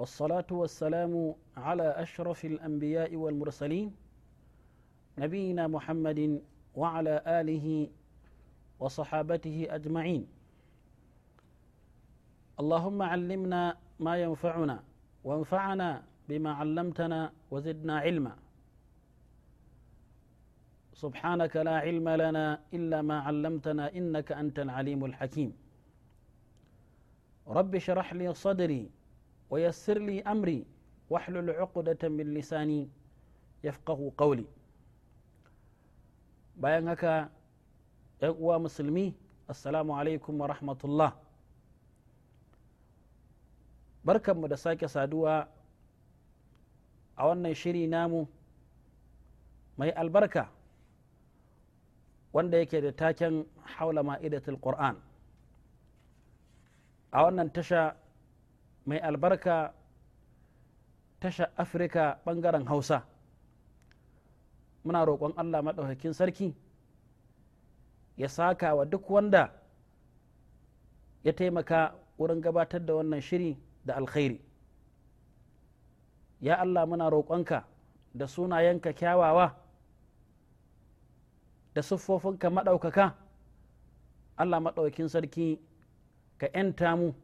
والصلاة والسلام على أشرف الأنبياء والمرسلين نبينا محمد وعلى آله وصحابته أجمعين اللهم علمنا ما ينفعنا وانفعنا بما علمتنا وزدنا علما سبحانك لا علم لنا إلا ما علمتنا إنك أنت العليم الحكيم رب اشرح لي صدري ويسر لي أمري واحلل عقدة من لساني yafqahu qawli bayan haka ‘yan uwa musulmi assalamu alaikum wa rahmatullah mu da sake saduwa a wannan shiri namu mai albarka wanda yake da taken haula ma'idatul qur'an a wannan tasha mai albarka tasha afirka bangaren hausa muna roƙon allah maɗaukakin sarki ya saka wa duk wanda ya taimaka wurin gabatar da wannan shiri da alkhairi ya allah muna roƙonka da sunayenka kyawawa da siffofinka maɗaukaka allah maɗaukakin sarki ka 'yanta mu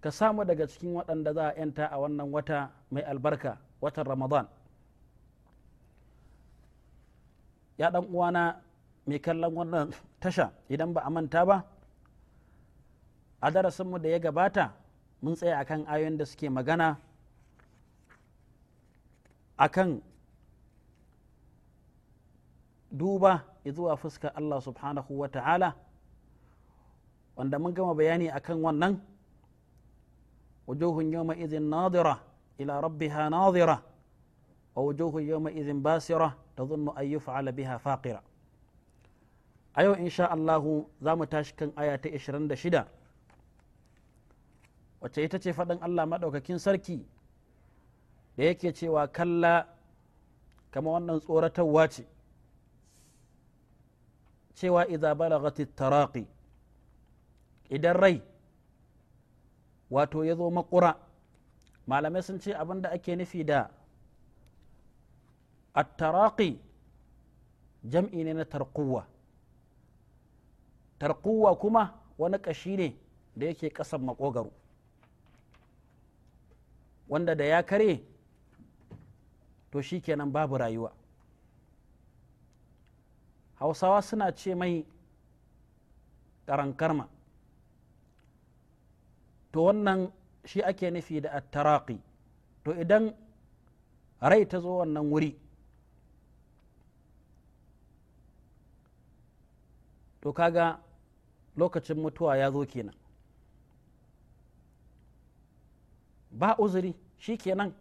ka samu daga cikin waɗanda za a yanta a wannan wata mai albarka watan ramadan ya ɗan uwana mai kallon wannan tasha idan ba a manta ba a darasinmu da ya gabata mun tsaya akan ayoyin da suke magana akan duba zuwa fuskar Allah subhanahu wa ta'ala wanda mun gama bayani akan wannan وجوه يومئذ ناظرة إلى ربها ناظرة ووجوه يومئذ باسرة تظن أن يفعل بها فاقرة أيوة إن شاء الله ذا تاشكن آيات إشرن دشدا وتيتتي فدن الله مدوك كين سركي ليكي تي وكلا كما وانن صورة واتي تي إذا بلغت التراقي إذا رأي wato ya zo makura malamai sun ce abin da ake nufi da attaraki jam'i ne na tarkuwa tarkuwa kuma wani ƙashi ne da yake ƙasan makogaro wanda da ya kare to shi kenan babu rayuwa hausawa suna ce mai ƙarankarma to wannan shi ake nufi da attaraki to idan rai ta zo wannan wuri to kaga lokacin mutuwa ya zo kenan ba uzuri shi kenan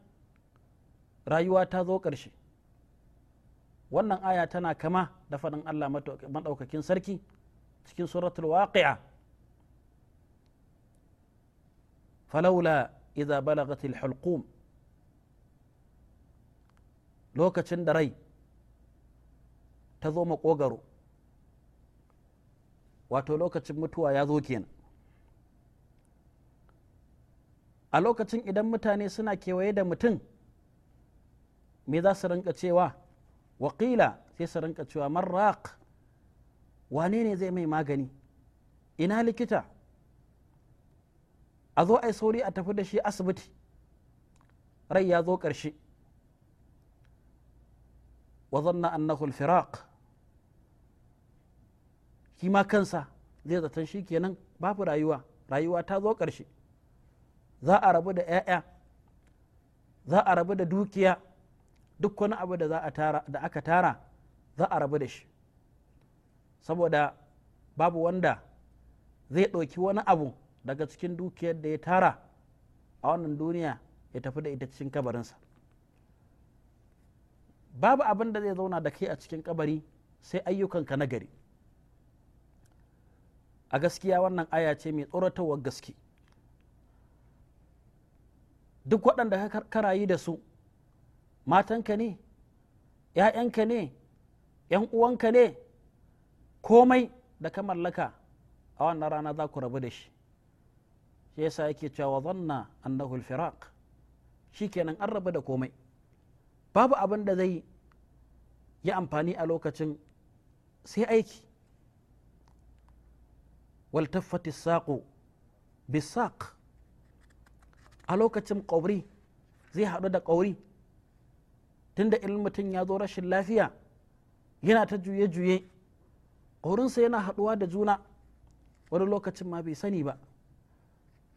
rayuwa ta zo ƙarshe wannan aya tana kama da faɗin allah maɗaukakin sarki cikin suratul waqi'a falaula idza balagatil hulqum lokacin da rai ta zo makogaro wato lokacin mutuwa ya zo kenan a lokacin idan mutane suna kewaye da mutum me za su rinka cewa wakila sai su rinka cewa marraq wane ne zai mai magani ina likita a zo a yi sauri a tafi da shi asibiti rai ya zo ƙarshe wa zanna annahu firaq shi ma kansa zai zaton shi kenan babu rayuwa rayuwa ta zo ƙarshe za a rabu da 'ya'ya za a rabu da dukiya duk wani abu da za a tara da aka tara za a rabu da shi saboda babu wanda zai ɗauki wani abu daga cikin dukiyar da ya tara a wannan duniya ya tafi da ita cikin kabarinsa babu abin da zai zauna da kai a cikin kabari sai ayyukanka na gari a gaskiya wannan aya ce mai tsoratowar gaske duk waɗanda ka karayi da su matanka ne ‘ya'yanka ne ‘yan uwanka ne komai da ka mallaka a wannan rana za ku rabu da shi shi yasa yake cewa zanna annahu al-firaq shikenan an raba da komai babu abin da zai yi amfani a lokacin sai aiki waltaffati saƙo bisaq a lokacin kauri zai haɗu da ƙauri tunda ilmin mutum ya zo rashin lafiya yana ta juye-juye ƙaurinsa yana haɗuwa da juna wani lokacin ma bai sani ba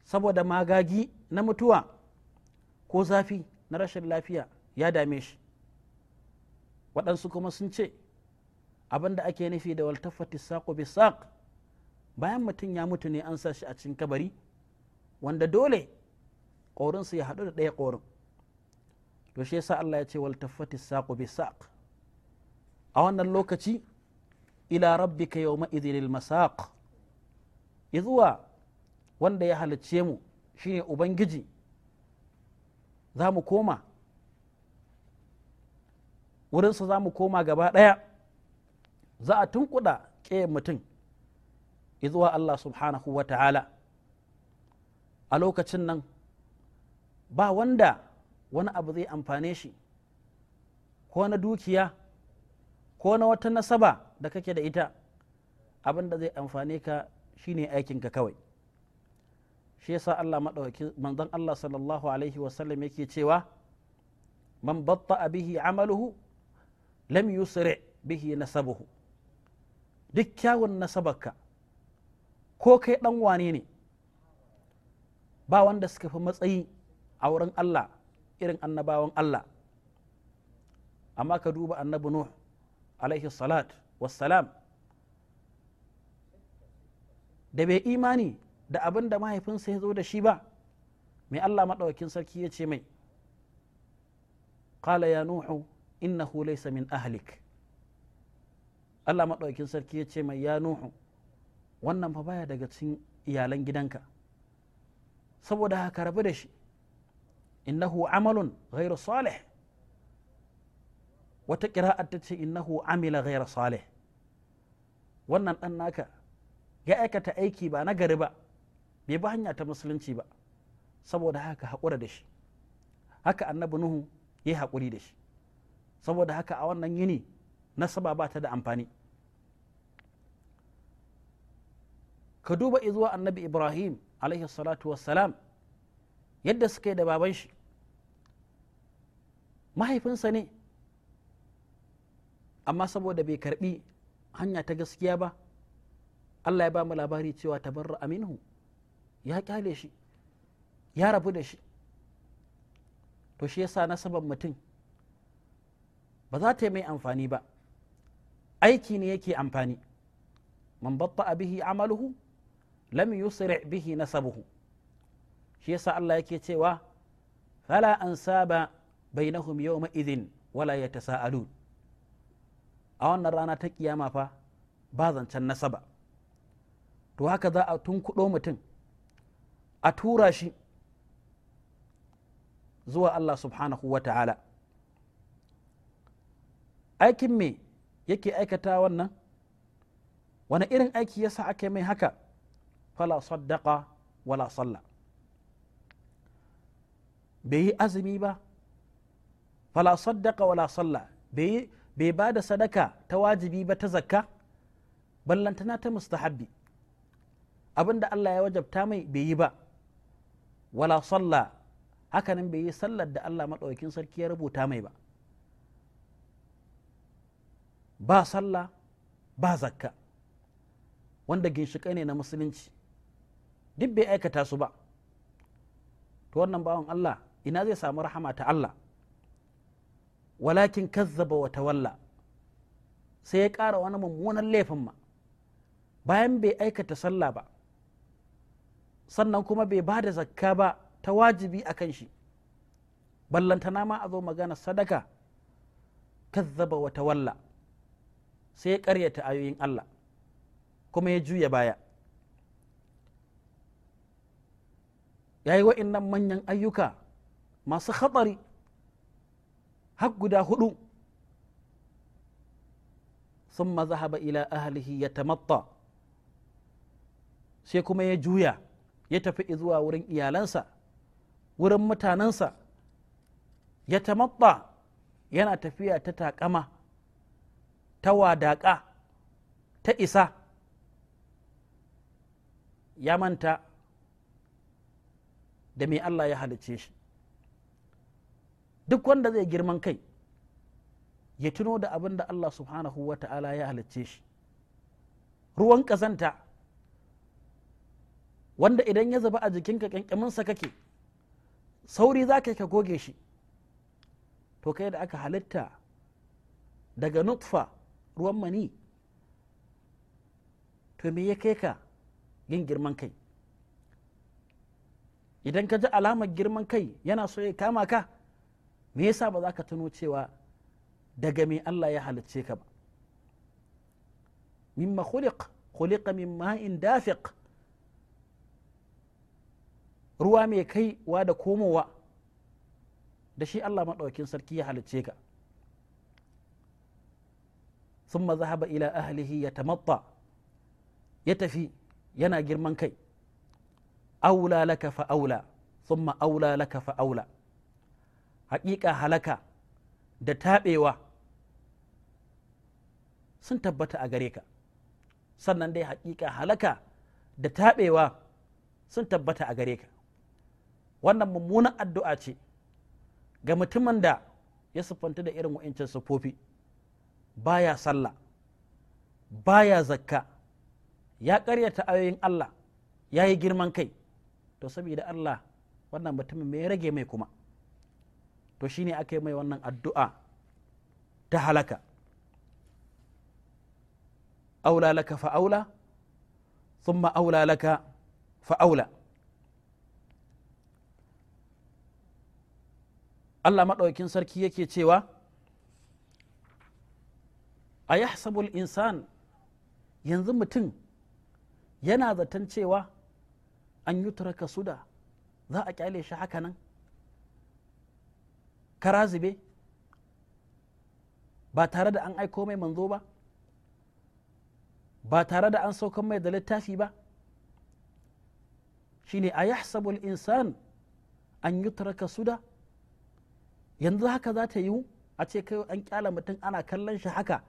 saboda magagi na mutuwa ko zafi na rashin lafiya ya dame shi waɗansu kuma sun ce abin da ake nufi da waltafati saƙo bi saƙ bayan mutum ya mutu ne an sa shi a cikin kabari wanda dole ƙorinsu ya haɗu da ɗaya ƙorin to shi yasa Allah ya ce waltafati saƙo bi saƙ a wannan lokaci ila rabbika yawma idhil masaq izuwa wanda ya halicce mu shine ubangiji za mu koma wurinsa za mu koma gaba ɗaya za a tunkuɗa ƙe mutum izuwa Allah subhanahu wa ta'ala a lokacin nan ba wanda wani abu zai amfane shi ko na dukiya ko na wata nasaba da kake da ita abin da zai amfane ka shine aikinka kawai shi yasa Allah madawaki manzon Allah sallallahu alaihi wasallam yake cewa man batta bihi amaluhu lam yusri bihi nasabuhu duk kyawun nasabarka ko kai dan wane ne ba wanda suka fi matsayi a wurin Allah irin annabawan Allah amma ka duba annabi Nuh alaihi salat wassalam da bai imani da abin da mahaifinsa ya zo da shi ba mai Allah maɗaukin sarki ya ce mai qala ya nuhu innahu laysa min ahlik Allah maɗaukin sarki ya ce mai ya nuhu wannan fa baya daga cikin iyalan gidanka saboda haka rabu da shi innahu amalun ghairu salih wata ƙira'ar ta ce innahu amila ghairu salih wannan ɗan naka ya aikata aiki ba na gari ba bai bi hanya ta musulunci ba saboda haka haƙura da shi haka annabi nuhu ya yi haƙuri da shi saboda haka a wannan yini nasaba ba ta da amfani ka duba izuwa annabi ibrahim alaihi salatu wassalam yadda suka yi da baban shi mahaifinsa ne amma saboda bai karbi hanya ta gaskiya ba allah ya ba mu labari cewa tabarra aminhu ya kyale shi ya rabu da shi to shi yasa nasabar mutum ba za ta yi mai amfani ba aiki ne yake amfani man batta bihi amaluhu lam yusri bihi nasabuhu shi yasa Allah yake cewa fala ansaba bainahum yawma idhin wala yatasaalun a wannan rana ta kiyama fa ba zancen nasaba to haka za a tunkuɗo mutum a tura shi zuwa Allah subhanahu wa ta'ala aikin me yake aikata wannan wani irin aiki yasa ake mai haka fala saddaqa wala salla bai yi azumi ba fala saddaqa wala salla bai bai ba da sadaka ta wajibi ba ta zakka ballantana ta mustahabbi abinda Allah ya wajabta mai bai yi ba wala salla hakanan bai yi sallar da Allah maɗaukin sarki ya rubuta mai ba ba sallah ba zakka wanda ginshiƙai ne na musulunci duk bai aikata su ba to wannan bawan Allah ina zai samu rahama ta Allah walakin kazzaba wa tawalla sai ya ƙara wani mummunan laifin ma bayan bai aikata sallah ba sannan kuma bai ba da zakka ba ta wajibi a kan shi ballantana ma a zo magana sadaka kazzaba wa tawalla sai ya karyata ayoyin Allah kuma ya juya baya ya yi wa'innan manyan ayyuka masu hatsari har guda hudu sun mazahaba ila ahlihi ya tamatta sai kuma ya juya ya tafi zuwa wurin iyalansa wurin mutanensa ya tamatta yana tafiya ta takama ta wadaƙa ta isa ya manta da mai Allah ya halicce shi duk wanda zai girman kai ya tuno da abin da Allah subhanahu wa ta'ala ya halicce shi ruwan ƙazanta wanda idan ya zuba a jikinka ƙyanƙyaminsa kake sauri za ka goge shi to kai da aka halitta daga nutfa ruwan mani to me ya kai ka yin girman kai idan ka ji alamar girman kai yana so ya kama ka me yasa ba za ka tuno cewa daga me Allah ya halicce ka ba Min khuliq khuliqa min ma'in dafiq ruwa mai kaiwa da komowa da shi Allah maɗaukin sarki ya halicce ka sun zahaba ila ahlihi ya tamatta ya tafi yana girman kai aula laka fa'aula sun aula laka fa'aula haƙiƙa halaka da taɓewa sun tabbata a gare ka sannan dai haƙiƙa halaka da taɓewa sun tabbata a gare ka wannan mummunan addu'a ce ga mutumin da ya siffanta da irin ba siffofi baya sallah baya zakka ya karyata ayoyin Allah ya yi girman kai to saboda Allah wannan mutumin me ya rage mai kuma to shine aka yi mai wannan addu'a ta halaka aula laka fa'aula thumma aula laka fa'aula Allah maɗaukin sarki yake cewa a yahsabul insan yanzu mutum yana zaton cewa an yi turaka suda za a kyale shi haka nan karazube ba tare da an aiko mai manzo ba ba tare da an saukan mai da littafi ba shine a yahsabul insan an yi turaka suda yanzu haka za ta yiwu a ce kai an kyala mutum ana kallon shi haka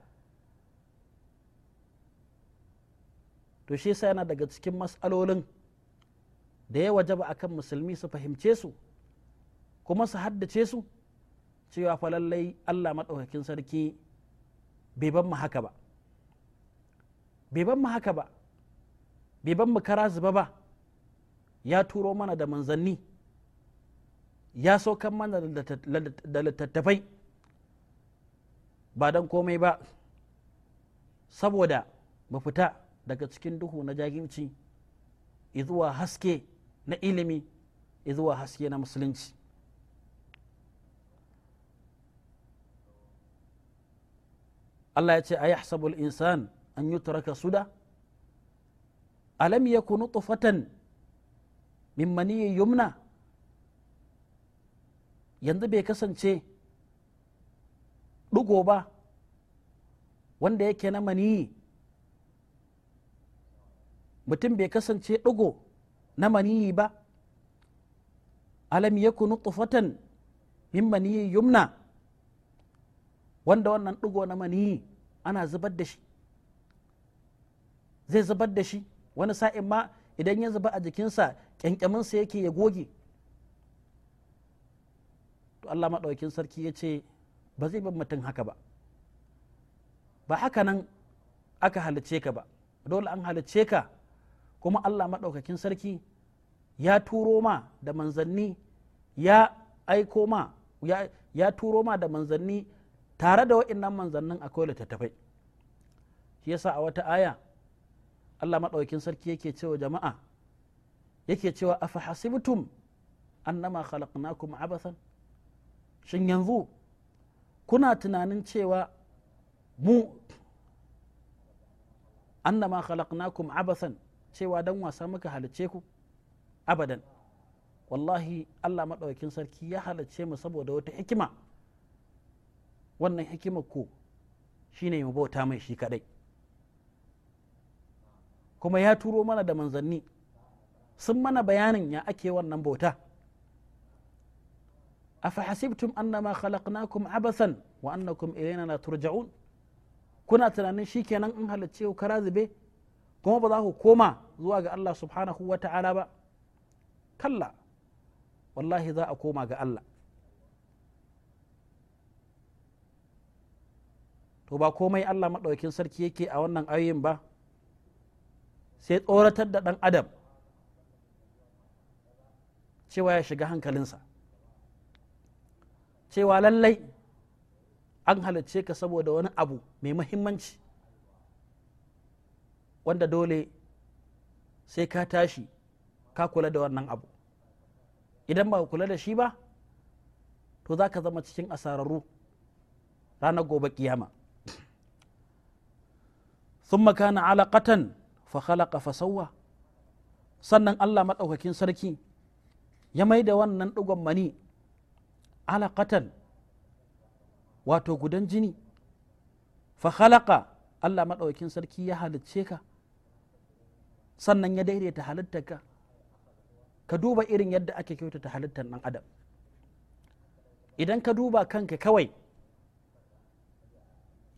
to shi yasa yana daga cikin matsalolin da ya wajaba akan musulmi su fahimce su kuma su haddace su cewa fa lallai Allah maɗaukakin sarki bai ban mu haka ba bai ban mu haka ba bai ban mu kara zuba ba ya turo mana da manzanni ya saukan mana da littattafai ba don komai ba saboda mu fita daga cikin duhu na jaginci zuwa haske na ilimi zuwa haske na musulunci Allah ya ce a yahsabul insan an yi turaka suda alam yakunu tufatan fatan maniyyi yumna yanzu bai kasance ɗigo ba wanda yake na maniyi mutum bai kasance ɗigo na maniyi ba alam yaku nutfatan min maniyi yumna wanda wannan ɗigo na maniyi ana zubar da shi zai zubar da shi wani sa'in ma idan ya zuba a jikinsa ƙyanƙyaminsa yake ya goge Allah maɗaukin sarki ya ce ba zai bar mutum haka ba ba haka nan aka halice ka ba dole an halice ka kuma Allah maɗaukakin sarki ya turo ma da manzanni ya aiko ma ya turo ma da manzanni tare da wa'innan manzannin akwai littattafai shi yasa a wata aya Allah maɗaukin sarki yake cewa jama'a yake cewa afa hasibtum annama khalaqnakum abathan shin yanzu kuna tunanin cewa mu annama khalaqnakum abasan cewa dan wasa muka halice ku abadan wallahi Allah maɗaukin sarki ya halice mu saboda wata hikima wannan hikimar ko shine mu bauta mai shi kaɗai. kuma ya turo mana da manzanni sun mana bayanin ya ake wannan bauta a afahasibtum annama khalaqnakum abasan wa annakum ilaina la turja'un kuna tunanin shikenan in halacce ku kara zube kuma baza za ku koma zuwa ga Allah subhanahu wa ta'ala ba kalla wallahi za a koma ga Allah to ba komai Allah maɗaukin sarki yake a wannan ayoyin ba sai tsoratar da ɗan adam cewa ya shiga hankalinsa cewa lallai an halarce ka saboda wani abu mai mahimmanci wanda dole sai ka tashi ka kula da wannan abu idan ba kula da shi ba to za ka zama cikin asararru ranar gobe kiyama sun makana علقة فخلق فسوى sannan Allah maɗaukakin sarki ya mai da wannan ɗugon mani alaƙatan wato gudan jini fa khalaqa Allah maɗaukin sarki ya halicce ka sannan ya daidaita halittar ka duba irin yadda ake kyautata halittar ɗan adam idan ka duba kanka kawai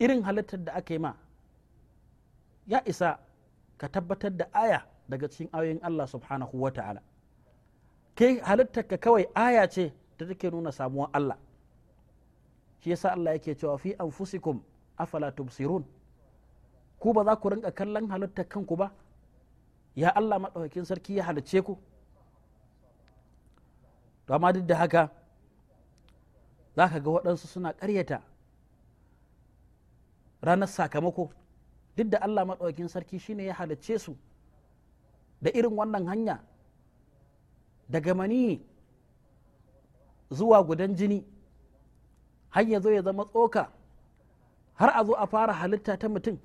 irin halittar da aka yi ma ya isa ka tabbatar da aya daga cikin ayoyin Allah subhanahu wa ta'ala kai halittarka kawai aya ce da take nuna samuwar Allah shi yasa Allah yake cewa fi anfusikum afala tubsirun ku ba za ku rinka kallon halittar kanku ba ya Allah maɗaukakin sarki ya halicce ku to amma duk da haka za ka ga waɗansu suna karyata ranar sakamako duk da Allah maɗaukakin sarki shine ya halicce su da irin wannan hanya daga mani zuwa gudan jini har ya zo ya zama tsoka har a zo a fara halitta ta mutum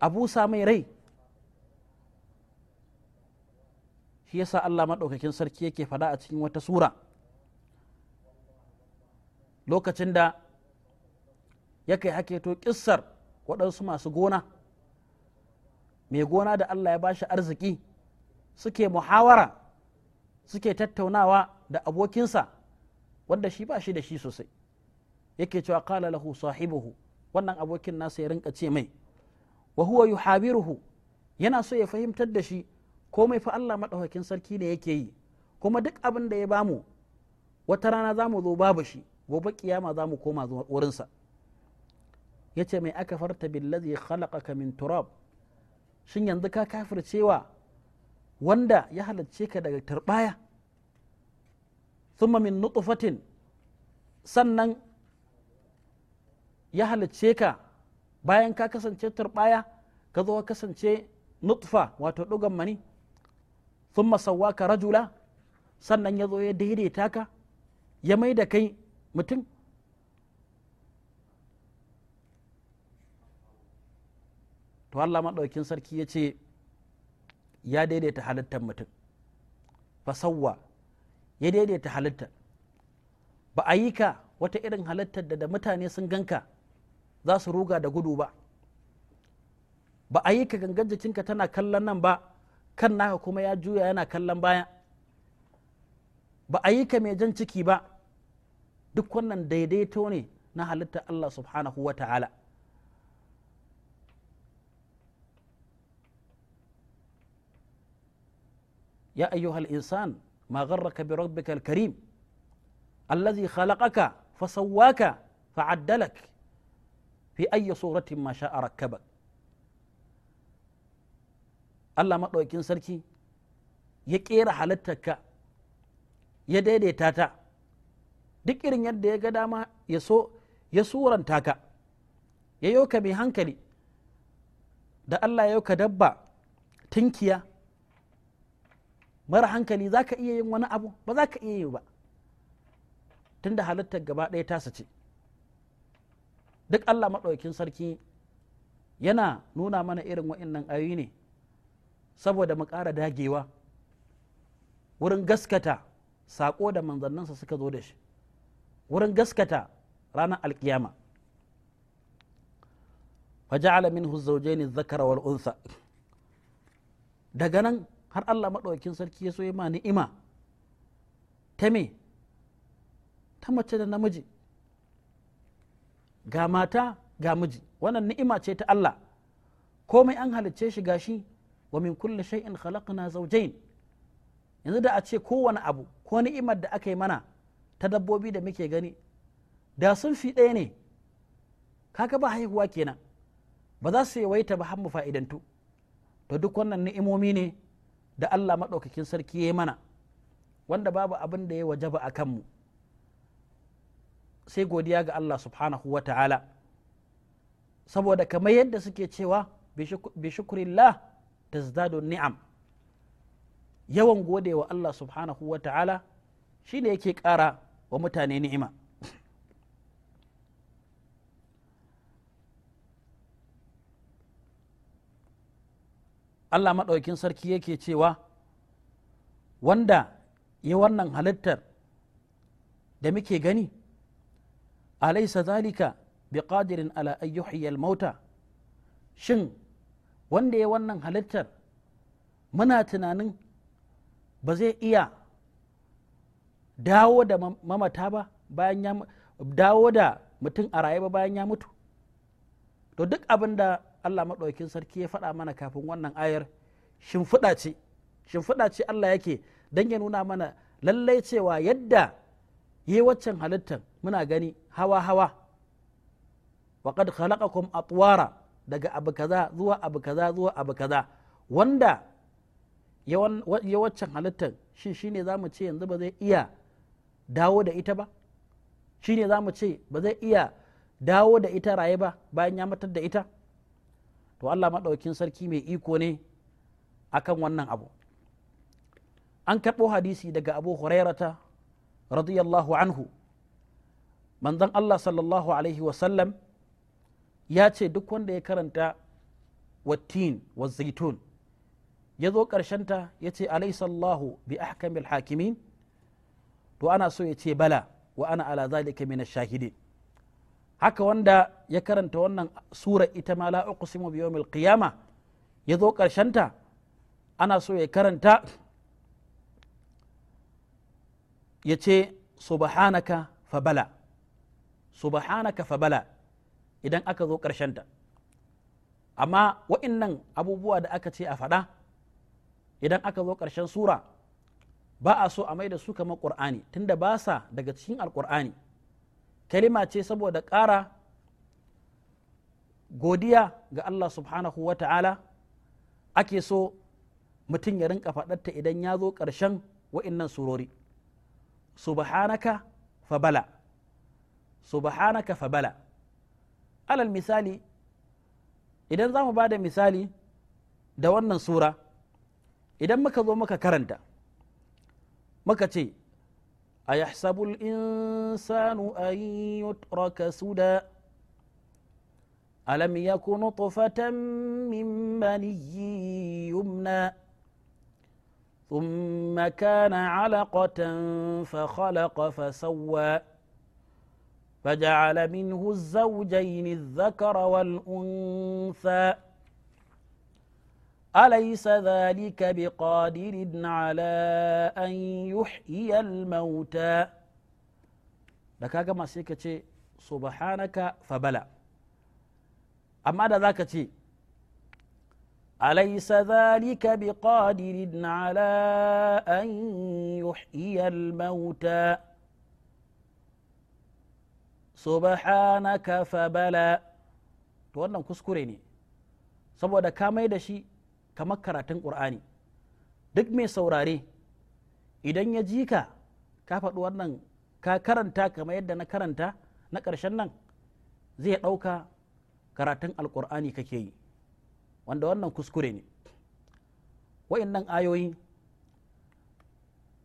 a busa mai rai shi yasa Allah maɗaukakin sarki yake faɗa a cikin wata sura lokacin da ya kai haketo ƙissar waɗansu masu gona mai gona da Allah ya ba shi arziki suke muhawara suke tattaunawa da abokinsa wanda shi ba shi da shi sosai yake cewa qala lahu sahibuhu wannan abokin nasa ya rinka ce mai wa huwa yuhabiruhu yana so ya fahimtar da shi komai fa Allah madaukakin sarki ne yake yi kuma duk abin da ya bamu wata rana zamu zo babu shi gobe kiyama zamu koma koma wurinsa ya ce mai aka farta billazi khalaqaka min turab shin yanzu ka kafircewa wanda ya halarce ka daga turbaya thumma min nutfatin sannan ya halarce ka bayan ka kasance turbaya ka zo kasance nutfa wato ɗugan mani thumma sawaka rajula sannan ya zo ya daidaita ka ya mai da kai mutum to Allah maɗaukin sarki ya ce ya daidaita halittar mutum fasawa ya daidaita halittar ba a yi ka wata irin halittar da da mutane sun ganka za su ruga da gudu ba ba a yi ka gangan jikinka tana kallon nan ba kan naka kuma ya juya yana kallon baya ba a yi ka mai jan ciki ba duk wannan daidaito ne na halittar Allah subhanahu wa ta'ala يا أيها الإنسان ما غرك بربك الكريم الذي خلقك فسواك فعدلك في أي صورة ما شاء ركبك الله ما ضويكين سركي يكير حالتك يا ديدي تاتا ديكيرين يد يا قدامة يسو يسورن تاكا يا يوكا بهانكلي ده الله يوكا دبا تنكيا mara hankali za ka iya yin wani abu ba za ka iya yi ba tunda halittar gaba ɗaya tasa ce duk allah maɗaukin sarki yana nuna mana irin wa'innan ayoyi ne saboda mu ƙara dagewa wurin gaskata saƙo da manzanninsa suka zo da shi wurin gaskata ranar alkiyama faja'ala minhu zawjayn adh-dhakara wal untha daga nan har Allah maɗaukin sarki ya so ya ma ni'ima ta me ta mace da namiji ga mata ga miji wannan ni'ima ce ta Allah komai an halicce shi gashi wa min kulli shay'in khalaqna zawjayn yanzu da a ce kowane abu ko ni'imar da aka yi mana ta dabbobi da muke gani da sun fi ɗaya ne kaga ba haihuwa kenan ba za su waita ba har mu fa'idantu to duk wannan ni'imomi ne da Allah maɗaukakin sarki ya mana wanda babu abin da ya wajaba a kanmu sai godiya ga Allah subhanahu wa ta'ala saboda kamar yadda suke cewa bi shukurillah tazdadu ni'am yawan godewa Allah subhanahu wa ta'ala shi ne yake ƙara wa mutane ni'ima allah maɗaukin sarki yake cewa wanda ya wannan halittar da muke gani alaisa zalika bi qadirin ala ayyuhiyal mauta shin wanda ya wannan halittar muna tunanin ba zai iya dawo da mamata ba bayan ya dawo da mutum a raye ba bayan ya mutu to duk abin da Allah maɗaukin sarki ya faɗa mana kafin wannan ayar shimfiɗa ce shimfiɗa ce Allah yake don ya nuna mana lallai cewa yadda yi waccan halittar muna gani hawa hawa waƙad khalaqakum atwara daga abu kaza zuwa abu kaza zuwa abu kaza wanda ya waccan halittar shi shine za mu ce yanzu ba zai iya dawo da ita ba shine za mu ce ba zai iya dawo da ita raye ba bayan ya matar da ita to Allah maɗaukin sarki mai iko ne akan wannan abu an karɓo hadisi daga abu hurairata radiyallahu anhu manzon Allah sallallahu alaihi wasallam ya ce duk wanda ya karanta wattin wa zaitun ya zo ta ya ce alaisallahu bi ahkamil hakimin to ana so ya ce bala wa ana ala zalika min shahidin haka wanda ya karanta wannan sura ita ma la uqsimu bi yawmil qiyama ya zo ta ana so ya karanta ya ce subhanaka fabala subhanaka fabala idan aka zo ta amma wa'innan abubuwa da aka ce a faɗa idan aka zo ƙarshen sura ba a so a mai da su kamar ƙur'ani tunda ba sa daga cikin alƙur'ani kalima ce saboda ƙara godiya ga Allah subhanahu wa ta'ala ake so mutum ya rinka faɗarta idan ya zo ƙarshen wa'innan surori subhanaka fabala subhanaka fabala alal misali idan za mu ba da misali da wannan sura idan muka zo muka karanta muka ce أيحسب الإنسان أن يترك سدى ألم يك نطفة من مني يمنى ثم كان علقة فخلق فسوى فجعل منه الزوجين الذكر والأنثى أليس ذلك بقادر على أن يحيي الموتى da kaga masu yake ce subhanaka fabala amma da zaka ce alaysa dhalika biqadirin ala an yuhyiya almauta subhanaka fabala to wannan kuskure ne saboda ka mai da shi kamar karatun ƙur'ani duk mai saurare idan ya ji ka ka faɗi wannan ka karanta kamar yadda na karanta na ƙarshen nan zai ɗauka karatun alƙur'ani kake yi wanda wannan kuskure ne nan ayoyi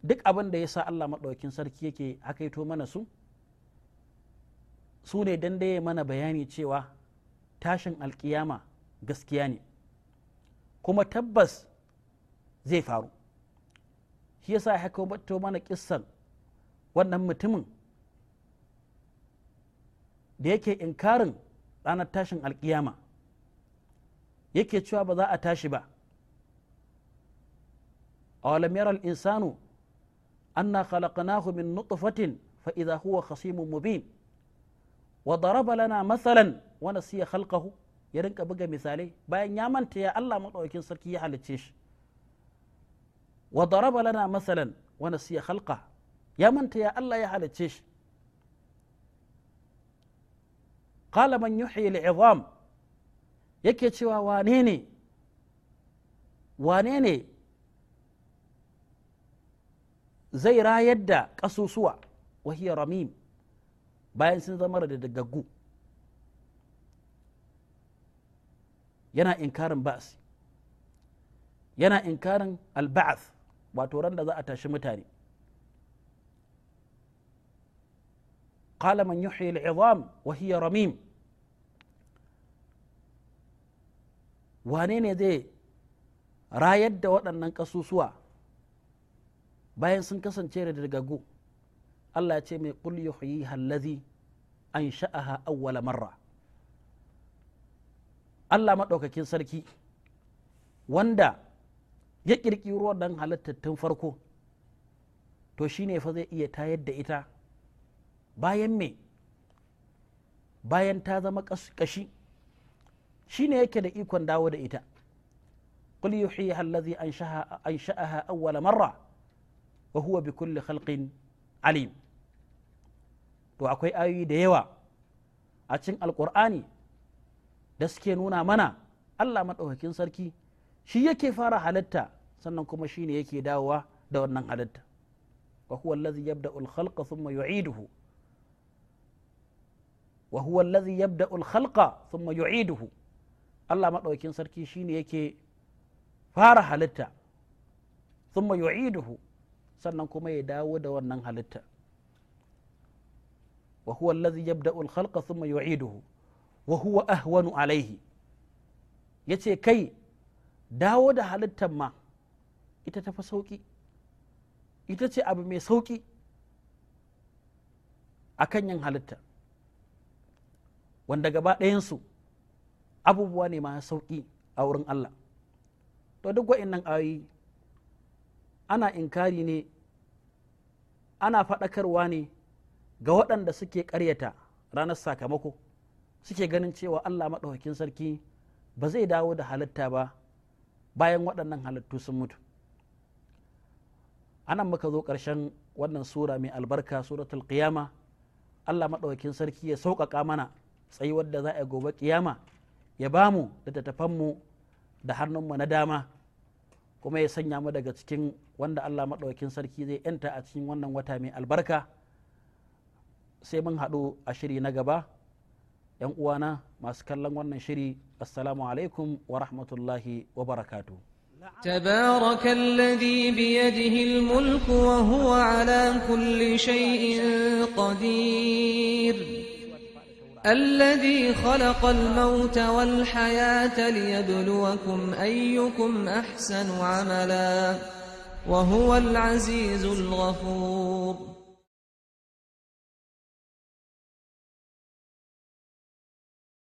duk abin da ya sa Allah maɗaukin sarki yake hakaito mana su su ne don da ya mana bayani cewa tashin alƙiyama gaskiya ne kuma tabbas zai faru shi yasa ya haka bato mana kissan wannan mutumin da yake inkarin ranar tashin alkiyama yake cewa ba za a tashi ba awalam yara insanu anna khalaqnahu min nutfatin fa idha huwa khasimun mubin wa daraba lana mathalan wa nasiya khalqahu ya rinka buga misalai bayan ya manta ya Allah maɗaukin sarki ya halicce shi wa daraba lana masalan wa nasiya khalqa ya manta ya Allah ya halicce shi qala man yuhyi al'izam yake cewa wane ne wane ne zai rayar da ƙasusuwa wahiyar ramim bayan sun zama da daggaggu yana inkarin ba'as yana inkarin alba'as wato ran da za a tashi mutane قال من يحيي العظام وهي رميم wane ne zai rayar da waɗannan ƙasusuwa bayan sun kasance da dirgagu Allah ce mai ƙul yuhyi hallazi an sha'aha awwala marra Allah maɗaukakin sarki wanda ya ƙirƙiro wannan halittattun farko to shine fa zai iya tayar da ita bayan me bayan ta zama ƙashi shine yake da ikon dawo da ita قل يحييها الذي أنشأها, أنشأها أول مرة وهو بكل خلق عليم وأكوي آيي ديوا أتشن القرآن da suke nuna mana Allah maɗaukakin sarki shi yake fara halitta sannan kuma shi ne yake dawowa da wannan halitta wa huwa allazi yabda'u al-khalqa thumma yu'iduhu wa huwa allazi yabda'u al-khalqa thumma yu'iduhu Allah maɗaukakin sarki shi ne yake fara halitta thumma yu'iduhu sannan kuma ya dawo da wannan halitta wa huwa allazi yabda'u al-khalqa thumma yu'iduhu wa huwa ahwanu alaihi ya ce kai dawo da halittar ma ita tafi sauƙi ita ce abu mai sauƙi a kan yin halitta wanda gaba ɗayansu abubuwa ne ma sauƙi a wurin Allah to duk wa'innan ayoyi ana inkari ne ana faɗakarwa ne ga waɗanda suke ƙaryata ranar sakamako suke ganin cewa Allah maɗaukakin sarki ba zai dawo da halitta ba bayan waɗannan halittu sun mutu anan muka zo ƙarshen wannan sura mai albarka suratul qiyama Allah maɗaukakin sarki ya sauƙaƙa mana tsayuwar da za a gobe ƙiyama ya ba mu da mu da hannunmu na dama kuma ya sanya mu daga cikin wanda Allah maɗaukakin sarki zai yanta a cikin wannan wata mai albarka sai mun haɗu a shiri na gaba yan uwana masu kallon wannan shiri assalamu alaikum wa rahmatullahi wa barakatu تبارك الذي بيده الملك وهو على كل شيء قدير الذي خلق الموت والحياة ليبلوكم أيكم أحسن عملا وهو العزيز الغفور